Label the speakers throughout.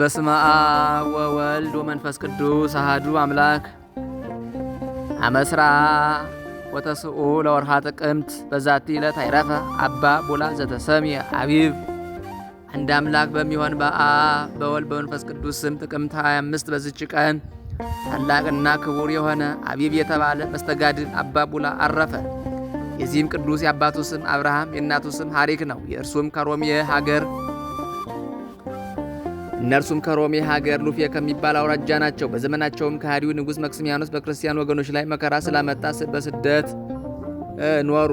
Speaker 1: በስመ አብ ወወልድ ወመንፈስ ቅዱስ አሃዱ አምላክ አመስራ ወተስኡ ለወርሃ ጥቅምት በዛቲ ዕለት አይረፈ አባ ቡላ ዘተሰሚ አቢብ። አንድ አምላክ በሚሆን በአብ በወልድ በመንፈስ ቅዱስ ስም ጥቅምት 25 በዚች ቀን ታላቅና ክቡር የሆነ አቢብ የተባለ መስተጋድል አባ ቡላ አረፈ። የዚህም ቅዱስ የአባቱ ስም አብርሃም የእናቱ ስም ሐሪክ ነው። የእርሱም ከሮሜ ሀገር እነርሱም ከሮሜ ሀገር ሉፊያ ከሚባል አውራጃ ናቸው። በዘመናቸውም ከሃዲው ንጉሥ መክስሚያኖስ በክርስቲያን ወገኖች ላይ መከራ ስላመጣ በስደት ኖሩ።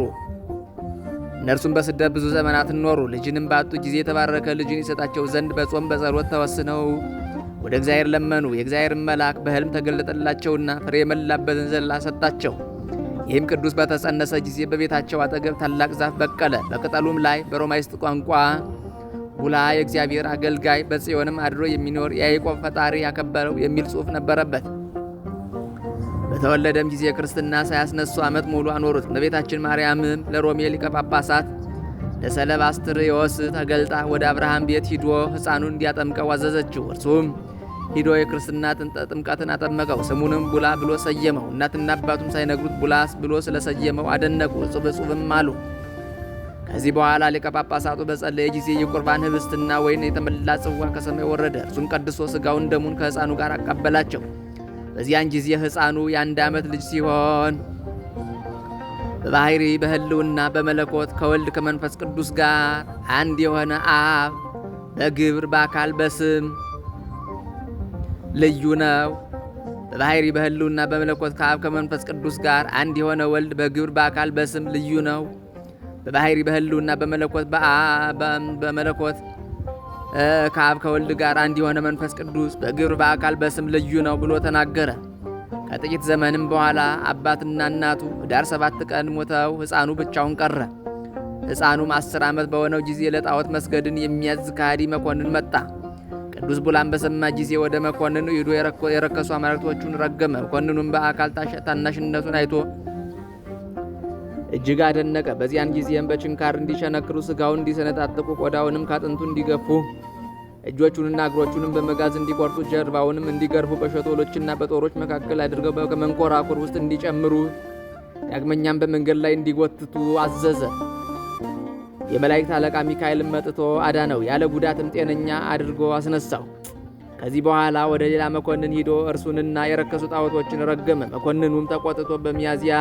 Speaker 1: እነርሱም በስደት ብዙ ዘመናትን ኖሩ። ልጅንም ባጡ ጊዜ የተባረከ ልጅን ይሰጣቸው ዘንድ በጾም በጸሎት ተወስነው ወደ እግዚአብሔር ለመኑ። የእግዚአብሔር መልአክ በሕልም ተገለጠላቸውና ፍሬ የመላበትን ዘለላ ሰጣቸው። ይህም ቅዱስ በተጸነሰ ጊዜ በቤታቸው አጠገብ ታላቅ ዛፍ በቀለ። በቅጠሉም ላይ በሮማይስጥ ቋንቋ ቡላ የእግዚአብሔር አገልጋይ በጽዮንም አድሮ የሚኖር የያዕቆብ ፈጣሪ ያከበረው የሚል ጽሑፍ ነበረበት። በተወለደም ጊዜ ክርስትና ሳያስነሱ ዓመት ሙሉ አኖሩት። እመቤታችን ማርያምም ለሮሜ ሊቀ ጳጳሳት ለሰለባስትርዮስ ተገልጣ ወደ አብርሃም ቤት ሂዶ ሕፃኑን እንዲያጠምቀው አዘዘችው። እርሱም ሂዶ የክርስትና ጥምቀትን አጠመቀው። ስሙንም ቡላ ብሎ ሰየመው። እናትና አባቱም ሳይነግሩት ቡላስ ብሎ ስለሰየመው አደነቁ፣ እጽፍ እጽፍም አሉ። ከዚህ በኋላ ሊቀ ጳጳሳቱ በጸለየ ጊዜ የቁርባን ህብስትና ወይን የተመላ ጽዋ ከሰማይ ወረደ። እርሱም ቀድሶ ስጋውን ደሙን ከህፃኑ ጋር አቀበላቸው። በዚያን ጊዜ ህፃኑ የአንድ ዓመት ልጅ ሲሆን በባህሪ በህልውና በመለኮት ከወልድ ከመንፈስ ቅዱስ ጋር አንድ የሆነ አብ በግብር በአካል በስም ልዩ ነው። በባህሪ በህልውና በመለኮት ከአብ ከመንፈስ ቅዱስ ጋር አንድ የሆነ ወልድ በግብር በአካል በስም ልዩ ነው። በባህሪ በህልውና በመለኮት በመለኮት ከአብ ከወልድ ጋር አንድ የሆነ መንፈስ ቅዱስ በግብር በአካል በስም ልዩ ነው ብሎ ተናገረ። ከጥቂት ዘመንም በኋላ አባትና እናቱ ዳር ሰባት ቀን ሞተው ሕፃኑ ብቻውን ቀረ። ሕፃኑም አስር ዓመት በሆነው ጊዜ ለጣዖት መስገድን የሚያዝ ከሃዲ መኮንን መጣ። ቅዱስ ቡላን በሰማ ጊዜ ወደ መኮንኑ ሂዶ የረከሱ አማልክቶቹን ረገመ። መኮንኑም በአካል ታናሽነቱን አይቶ እጅግ አደነቀ። በዚያን ጊዜም በችንካር እንዲሸነክሩ ስጋውን እንዲሰነጣጥቁ ቆዳውንም ካጥንቱ እንዲገፉ እጆቹንና እግሮቹንም በመጋዝ እንዲቆርጡ ጀርባውንም እንዲገርፉ በሸቶሎችና በጦሮች መካከል አድርገው ከመንኮራኩር ውስጥ እንዲጨምሩ ዳግመኛም በመንገድ ላይ እንዲጎትቱ አዘዘ። የመላእክት አለቃ ሚካኤልም መጥቶ አዳነው፣ ያለ ጉዳትም ጤነኛ አድርጎ አስነሳው። ከዚህ በኋላ ወደ ሌላ መኮንን ሂዶ እርሱንና የረከሱ ጣዖቶችን ረገመ። መኮንኑም ተቆጥቶ በሚያዝያ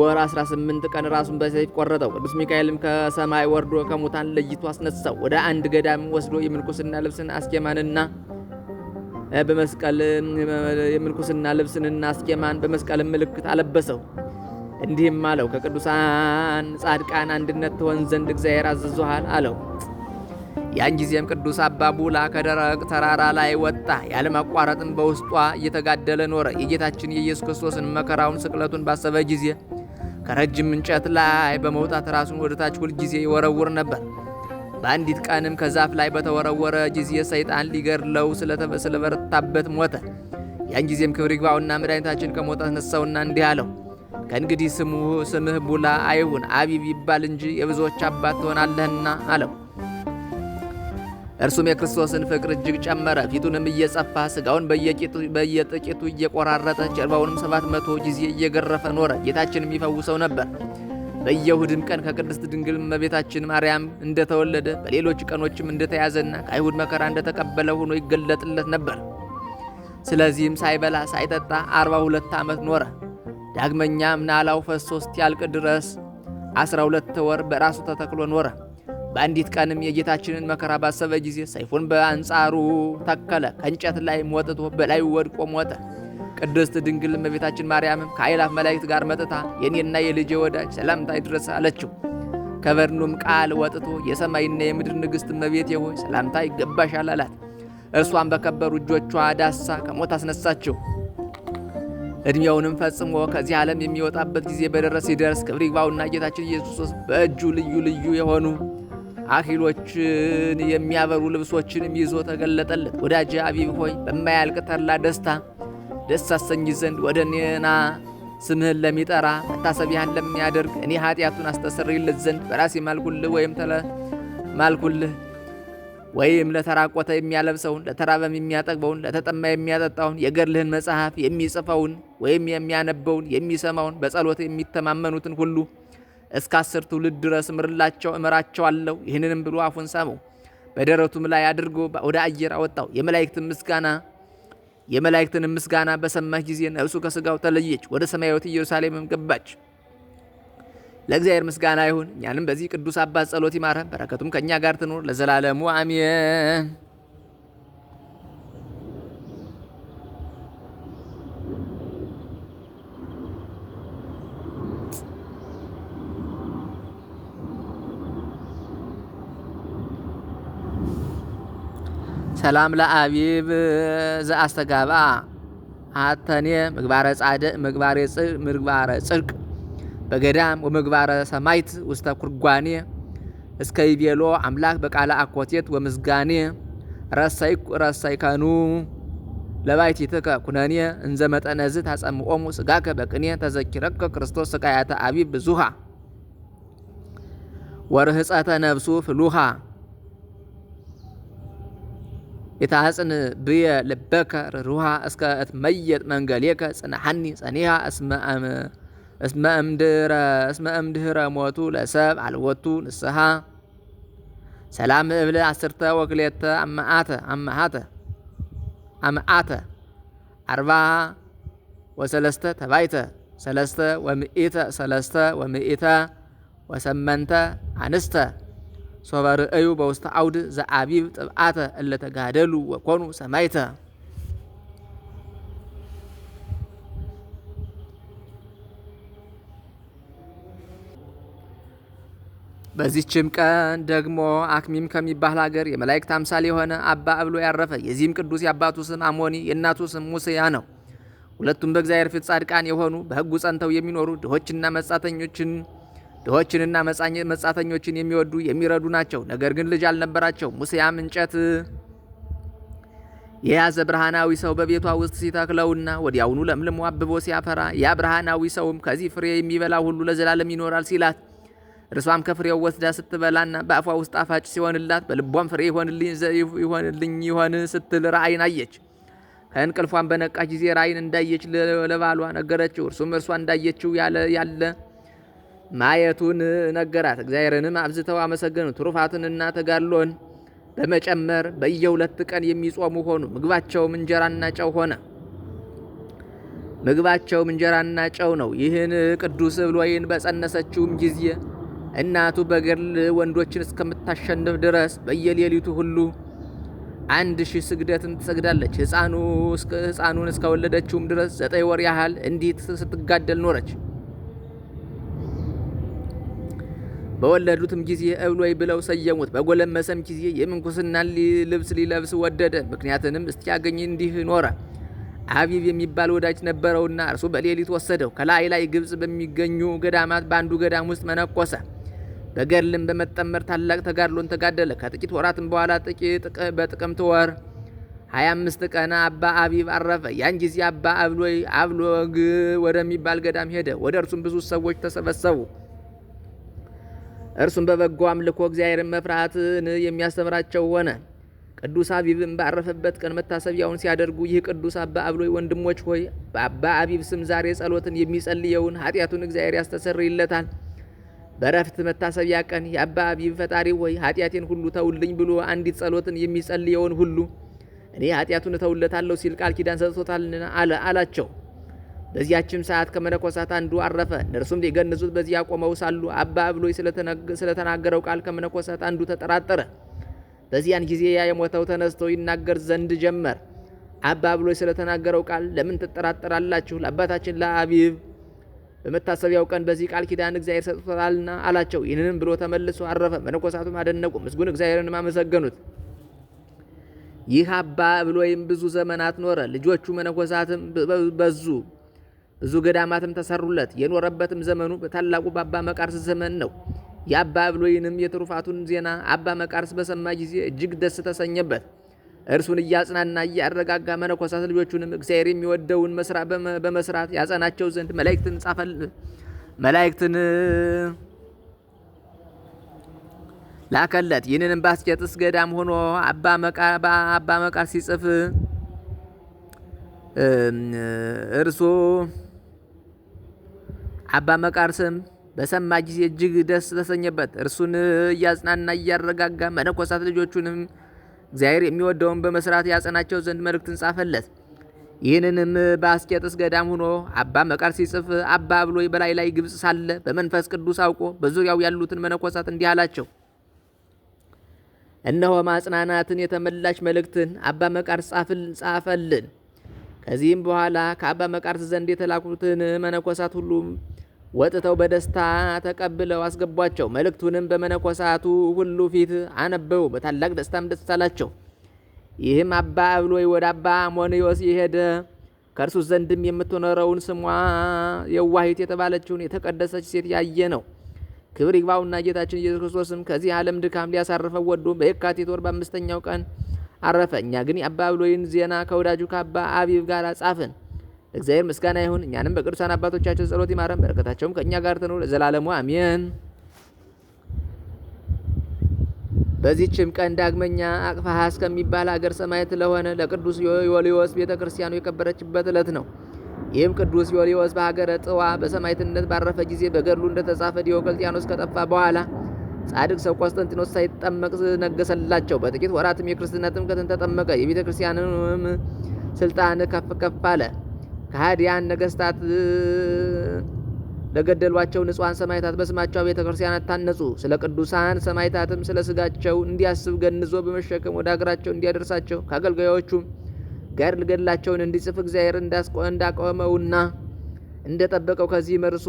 Speaker 1: ወር 18 ቀን ራሱን በሰይፍ ቆረጠው። ቅዱስ ሚካኤልም ከሰማይ ወርዶ ከሙታን ለይቶ አስነሳው። ወደ አንድ ገዳም ወስዶ የምንኩስና ልብስን አስኬማንና በመስቀል የምንኩስና ልብስንና አስኬማን በመስቀል ምልክት አለበሰው። እንዲህም አለው ከቅዱሳን ጻድቃን አንድነት ትሆን ዘንድ እግዚአብሔር አዝዞሃል አለው። ያን ጊዜም ቅዱስ አባ ቡላ ከደረቅ ተራራ ላይ ወጣ። ያለማቋረጥም በውስጧ እየተጋደለ ኖረ። የጌታችን የኢየሱስ ክርስቶስን መከራውን፣ ስቅለቱን ባሰበ ጊዜ ከረጅም እንጨት ላይ በመውጣት ራሱን ወደታች ሁልጊዜ ይወረውር ነበር። በአንዲት ቀንም ከዛፍ ላይ በተወረወረ ጊዜ ሰይጣን ሊገድለው ስለበረታበት ሞተ። ያን ጊዜም ክብር ይግባውና መድኃኒታችን ከሞት አስነሳውና እንዲህ አለው፣ ከእንግዲህ ስምህ ቡላ አይሁን አቢብ ይባል እንጂ የብዙዎች አባት ትሆናለህና አለው። እርሱም የክርስቶስን ፍቅር እጅግ ጨመረ። ፊቱንም እየጸፋ ሥጋውን በየጥቂቱ እየቆራረጠ ጀርባውንም ሰባት መቶ ጊዜ እየገረፈ ኖረ። ጌታችን የሚፈውሰው ነበር። በየእሁድም ቀን ከቅድስት ድንግል እመቤታችን ማርያም እንደተወለደ በሌሎች ቀኖችም እንደተያዘና ከአይሁድ መከራ እንደተቀበለ ሆኖ ይገለጥለት ነበር። ስለዚህም ሳይበላ ሳይጠጣ አርባ ሁለት ዓመት ኖረ። ዳግመኛም ናላው ፈሶ እስኪያልቅ ድረስ አስራ ሁለት ወር በራሱ ተተክሎ ኖረ። በአንዲት ቀንም የጌታችንን መከራ ባሰበ ጊዜ ሰይፉን በአንጻሩ ተከለ፣ ከእንጨት ላይ ወጥቶ በላዩ ወድቆ ሞተ። ቅድስት ድንግል እመቤታችን ማርያምም ከአእላፍ መላእክት ጋር መጥታ የኔና የልጄ ወዳጅ ሰላምታ ይድረስ አለችው። ከበድኑም ቃል ወጥቶ የሰማይና የምድር ንግሥት እመቤቴ ሆይ ሰላምታ ይገባሻል አላት። እርሷን በከበሩ እጆቿ ዳሳ ከሞት አስነሳችው። እድሜውንም ፈጽሞ ከዚህ ዓለም የሚወጣበት ጊዜ በደረስ ሲደርስ ክብር ይግባውና ጌታችን ኢየሱስ በእጁ ልዩ ልዩ የሆኑ አክሊሎችን የሚያበሩ ልብሶችንም ይዞ ተገለጠለት። ወዳጅ አቢብ ሆይ በማያልቅ ተድላ ደስታ ደስ አሰኝ ዘንድ ወደ እኔና ስምህን ለሚጠራ መታሰቢያን ለሚያደርግ እኔ ኃጢአቱን አስተሰርይለት ዘንድ በራሴ ማልኩልህ ወይም ተለ ማልኩልህ ወይም ለተራቆተ የሚያለብሰውን ለተራበም የሚያጠግበውን ለተጠማ የሚያጠጣውን የገድልህን መጽሐፍ የሚጽፈውን ወይም የሚያነበውን የሚሰማውን በጸሎት የሚተማመኑትን ሁሉ እስከ አስር ትውልድ ድረስ እምርላቸው አለው። ይህንንም ብሎ አፉን ሳመው፣ በደረቱም ላይ አድርጎ ወደ አየር አወጣው። የመላእክትን ምስጋና የመላእክትን ምስጋና በሰማች ጊዜ ነፍሱ ከስጋው ተለየች፣ ወደ ሰማያዊት ኢየሩሳሌምም ገባች። ለእግዚአብሔር ምስጋና ይሁን። እኛንም በዚህ ቅዱስ አባት ጸሎት ይማረን፣ በረከቱም ከእኛ ጋር ትኖር ለዘላለሙ አሜን። ሰላም ለአቢብ ዘአስተጋባ አተኔ ምግባረ ጻድቅ ምግባረ ጽድቅ ምግባረ ጽድቅ በገዳም ወምግባረ ሰማይት ውስተ ኩርጓኔ እስከ ይቤሎ አምላክ በቃለ አኮቴት ወምዝጋኔ ረሳይ ረሳይ ከኑ ለባይቲትከ ኩነኔ እንዘ መጠነዝ ታጸምኦሙ ስጋከ በቅኔ ተዘኪረከ ክርስቶስ ስቃያተ አቢብ ብዙሃ ወርህፀተ ነብሱ ፍሉሃ የታጽን ብየ ልበከ ርሩሃ እስከ እትመየጥ መንገሌከ ጽንሐኒ ጸኒሃ እስመ እምድህረ ሞቱ ለሰብ አልወቱ ንስሃ ሰላም እብል አስርተ ወክሌተ አመዓተ አመዓተ አመዓተ አርባ ወሰለስተ ተባይተ ሰለስተ ወምኢተ ሰለስተ ወምኢተ ወሰመንተ አንስተ ሶበ ርእዩ በውስተ አውድ ዘአቢብ ጥብአተ እለተጋደሉ ወኮኑ ሰማይተ በዚችም ቀን ደግሞ አክሚም ከሚባል ሀገር የመላእክት አምሳል የሆነ አባ አብሎ ያረፈ። የዚህም ቅዱስ የአባቱ ስም አሞኒ የእናቱ ስም ሙስያ ነው። ሁለቱም በእግዚአብሔር ፊት ጻድቃን የሆኑ በሕጉ ጸንተው የሚኖሩ ድሆችና መጻተኞችን ድሆችንና መጻተኞችን የሚወዱ የሚረዱ ናቸው። ነገር ግን ልጅ አልነበራቸው። ሙሴያም እንጨት የያዘ ብርሃናዊ ሰው በቤቷ ውስጥ ሲተክለውና ወዲያውኑ ለምልሞ አብቦ ሲያፈራ ያ ብርሃናዊ ሰውም ከዚህ ፍሬ የሚበላ ሁሉ ለዘላለም ይኖራል ሲላት እርሷም ከፍሬው ወስዳ ስትበላና በአፏ ውስጥ ጣፋጭ ሲሆንላት በልቧም ፍሬ ይሆንልኝ ይሆን ስትል ራእይን አየች። ከእንቅልፏም በነቃች ጊዜ ራእይን እንዳየች ለባሏ ነገረችው። እርሱም እርሷ እንዳየችው ያለ ማየቱን ነገራት። እግዚአብሔርንም አብዝተው አመሰገኑ። ትሩፋትንና ተጋድሎን በመጨመር በየሁለት ቀን የሚጾሙ ሆኑ። ምግባቸውም እንጀራና ጨው ሆነ። ምግባቸውም እንጀራና ጨው ነው። ይህን ቅዱስ እብሎይን በጸነሰችውም ጊዜ እናቱ በገድል ወንዶችን እስከምታሸንፍ ድረስ በየሌሊቱ ሁሉ አንድ ሺህ ስግደትን ትሰግዳለች። ሕፃኑን እስከወለደችውም ድረስ ዘጠኝ ወር ያህል እንዲህ ስትጋደል ኖረች። በወለዱትም ጊዜ እብሎይ ብለው ሰየሙት። በጎለመሰም ጊዜ የምንኩስና ልብስ ሊለብስ ወደደ። ምክንያትንም እስኪያገኝ እንዲህ ኖረ። አቢብ የሚባል ወዳጅ ነበረውና እርሱ በሌሊት ወሰደው። ከላይ ላይ ግብጽ በሚገኙ ገዳማት በአንዱ ገዳም ውስጥ መነኮሰ። በገድልም በመጠመር ታላቅ ተጋድሎን ተጋደለ። ከጥቂት ወራትም በኋላ ጥቂት በጥቅምት ወር 25 ቀን አባ አቢብ አረፈ። ያን ጊዜ አባ አብሎይ አብሎግ ወደሚባል ገዳም ሄደ። ወደ እርሱም ብዙ ሰዎች ተሰበሰቡ። እርሱም በበጎ አምልኮ እግዚአብሔርን መፍራትን የሚያስተምራቸው ሆነ። ቅዱስ አቢብን ባረፈበት ቀን መታሰቢያውን ሲያደርጉ ይህ ቅዱስ አባ አብሎይ ወንድሞች ሆይ በአባ አቢብ ስም ዛሬ ጸሎትን የሚጸልየውን ኃጢአቱን እግዚአብሔር ያስተሰርይለታል። በረፍት መታሰቢያ ቀን የአባ አቢብ ፈጣሪ ሆይ ኃጢአቴን ሁሉ ተውልኝ ብሎ አንዲት ጸሎትን የሚጸልየውን ሁሉ እኔ ኃጢአቱን እተውለታለሁ ሲል ቃል ኪዳን ሰጥቶታል አላቸው። በዚያችም ሰዓት ከመነኮሳት አንዱ አረፈ። እነርሱም ሊገንዙት በዚያ ቆመው ሳሉ አባ ብሎይ ስለተናገረው ቃል ከመነኮሳት አንዱ ተጠራጠረ። በዚያን ጊዜ ያ የሞተው ተነስቶ ይናገር ዘንድ ጀመር። አባ ብሎይ ስለተናገረው ቃል ለምን ትጠራጠራላችሁ? ለአባታችን ለአቢብ በመታሰቢያው ቀን በዚህ ቃል ኪዳን እግዚአብሔር ሰጥቶታልና አላቸው። ይህንንም ብሎ ተመልሶ አረፈ። መነኮሳቱም አደነቁ፣ ምስጉን እግዚአብሔርንም አመሰገኑት። ይህ አባ ብሎይም ብዙ ዘመናት ኖረ። ልጆቹ መነኮሳትም በዙ። ብዙ ገዳማትም ተሰሩለት። የኖረበትም ዘመኑ በታላቁ በአባ መቃርስ ዘመን ነው። የአባ ብሎይንም የትሩፋቱን ዜና አባ መቃርስ በሰማ ጊዜ እጅግ ደስ ተሰኘበት። እርሱን እያጽናና እያረጋጋ መነኮሳት ልጆቹንም እግዚአብሔር የሚወደውን በመስራት ያጸናቸው ዘንድ መላእክትን ጻፈል መላእክትን ላከለት። ይህንንም ባስቄጥስ ገዳም ሆኖ አባ መቃርስ ሲጽፍ እርሱ አባ መቃርስም በሰማ ጊዜ እጅግ ደስ ተሰኘበት። እርሱን እያጽናና እያረጋጋ መነኮሳት ልጆቹንም እግዚአብሔር የሚወደውን በመስራት ያጸናቸው ዘንድ መልእክትን ጻፈለት። ይህንንም በአስኬጥስ ገዳም ሆኖ አባ መቃር ሲጽፍ አባ ብሎ በላይ ላይ ግብጽ ሳለ በመንፈስ ቅዱስ አውቆ በዙሪያው ያሉትን መነኮሳት እንዲህ አላቸው። እነሆ ማጽናናትን የተመላሽ መልእክትን አባ መቃርስ ጻፈልን። ከዚህም በኋላ ከአባ መቃርስ ዘንድ የተላኩትን መነኮሳት ሁሉም ወጥተው በደስታ ተቀብለው አስገቧቸው። መልእክቱንም በመነኮሳቱ ሁሉ ፊት አነበቡ። በታላቅ ደስታም ደስ አላቸው። ይህም አባ አብሎይ ወደ አባ አሞንዮስ የሄደ ከእርሱ ዘንድም የምትኖረውን ስሟ የዋሂት የተባለችውን የተቀደሰች ሴት ያየ ነው። ክብር ይግባውና ጌታችን ኢየሱስ ክርስቶስም ከዚህ ዓለም ድካም ሊያሳርፈው ወዶ በየካቲት ወር በአምስተኛው ቀን አረፈ። እኛ ግን የአባ አብሎይን ዜና ከወዳጁ ከአባ አቢብ ጋር ጻፍን። ለእግዚአብሔር ምስጋና ይሁን። እኛንም በቅዱሳን አባቶቻችን ጸሎት ይማረን፣ በረከታቸውም ከእኛ ጋር ትኑር ለዘላለሙ አሜን። በዚህችም ቀን ዳግመኛ አቅፋሃስ ከሚባል አገር ሰማዕት ለሆነ ለቅዱስ ዮልዮስ ቤተ ክርስቲያኑ የከበረችበት ዕለት ነው። ይህም ቅዱስ ዮልዮስ በሀገረ ጥዋ በሰማይትነት ባረፈ ጊዜ በገድሉ እንደተጻፈ ዲዮቅልጥያኖስ ከጠፋ በኋላ ጻድቅ ሰው ቆስጠንጢኖስ ሳይጠመቅ ነገሰላቸው። በጥቂት ወራትም የክርስትና ጥምቀትን ተጠመቀ። የቤተ ክርስቲያንም ስልጣን ከፍ ከፍ አለ። ከሃዲያን ነገስታት ለገደሏቸው ንጹሐን ሰማይታት በስማቸው ቤተ ክርስቲያናት ታነጹ። ስለ ቅዱሳን ሰማይታትም ስለ ስጋቸው እንዲያስብ ገንዞ በመሸከም ወደ አገራቸው እንዲያደርሳቸው ከአገልጋዮቹም ጋር ልገድላቸውን እንዲጽፍ እግዚአብሔር እንዳቆመውና እንደጠበቀው ከዚህ መርሱ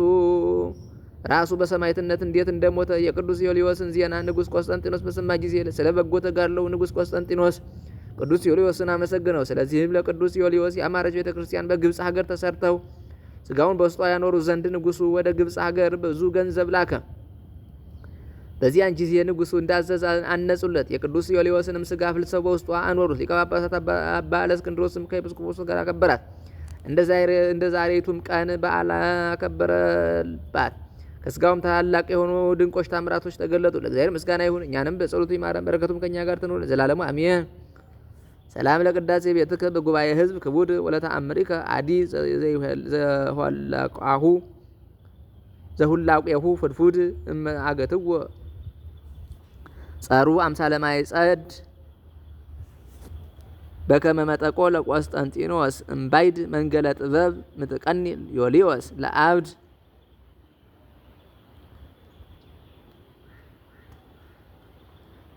Speaker 1: ራሱ በሰማይትነት እንዴት እንደሞተ የቅዱስ ዮልዮስን ዜና ንጉሥ ቆስጠንጢኖስ በሰማ ጊዜ ስለ በጎ ተጋድሎው ንጉሥ ቆስጠንጢኖስ ቅዱስ ዮልዮስን አመሰግነው። ስለዚህም ለቅዱስ ዮልዮስ የአማረች ቤተ ክርስቲያን በግብፅ ሀገር ተሰርተው ስጋውን በውስጧ ያኖሩ ዘንድ ንጉሱ ወደ ግብፅ ሀገር ብዙ ገንዘብ ላከ። በዚያን ጊዜ ንጉሱ እንዳዘዝ አነጹለት። የቅዱስ ዮልዮስንም ስጋ ፍልሰው በውስጧ አኖሩት። ሊቀ ጳጳሳት አባ አለስክንድሮስም ከኤጲስቆጶስ ጋር አከበራት። እንደ ዛሬቱም ቀን በዓል አከበረባት። ከስጋውም ታላቅ የሆኑ ድንቆች ታምራቶች ተገለጡ። ለእግዚአብሔር ምስጋና ይሁን፣ እኛንም በጸሎቱ ይማረን፣ በረከቱም ከእኛ ጋር ትኑር ለዘላለሙ አሜን። ሰላም ለቅዳሴ ቤትከ በጉባኤ ህዝብ ክቡድ ወለተ አዲ ዘሁላቋሁ ዘሁላቄሁ ፍድፉድ አገትዎ ጸሩ አምሳለማይ ጸድ በከመ መጠቆ ለቆስጠንጢኖስ እምባይድ መንገለ ጥበብ ምጥቀኒ ዮሊዮስ ለአብድ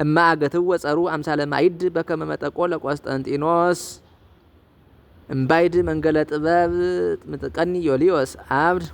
Speaker 1: እማአገትው ወጸሩ አምሳለ ማይድ በከመ መጠቆ ለቆስጠንጢኖስ እምባይድ መንገለ ጥበብ ምጥቀኒ ዮልዮስ አብድ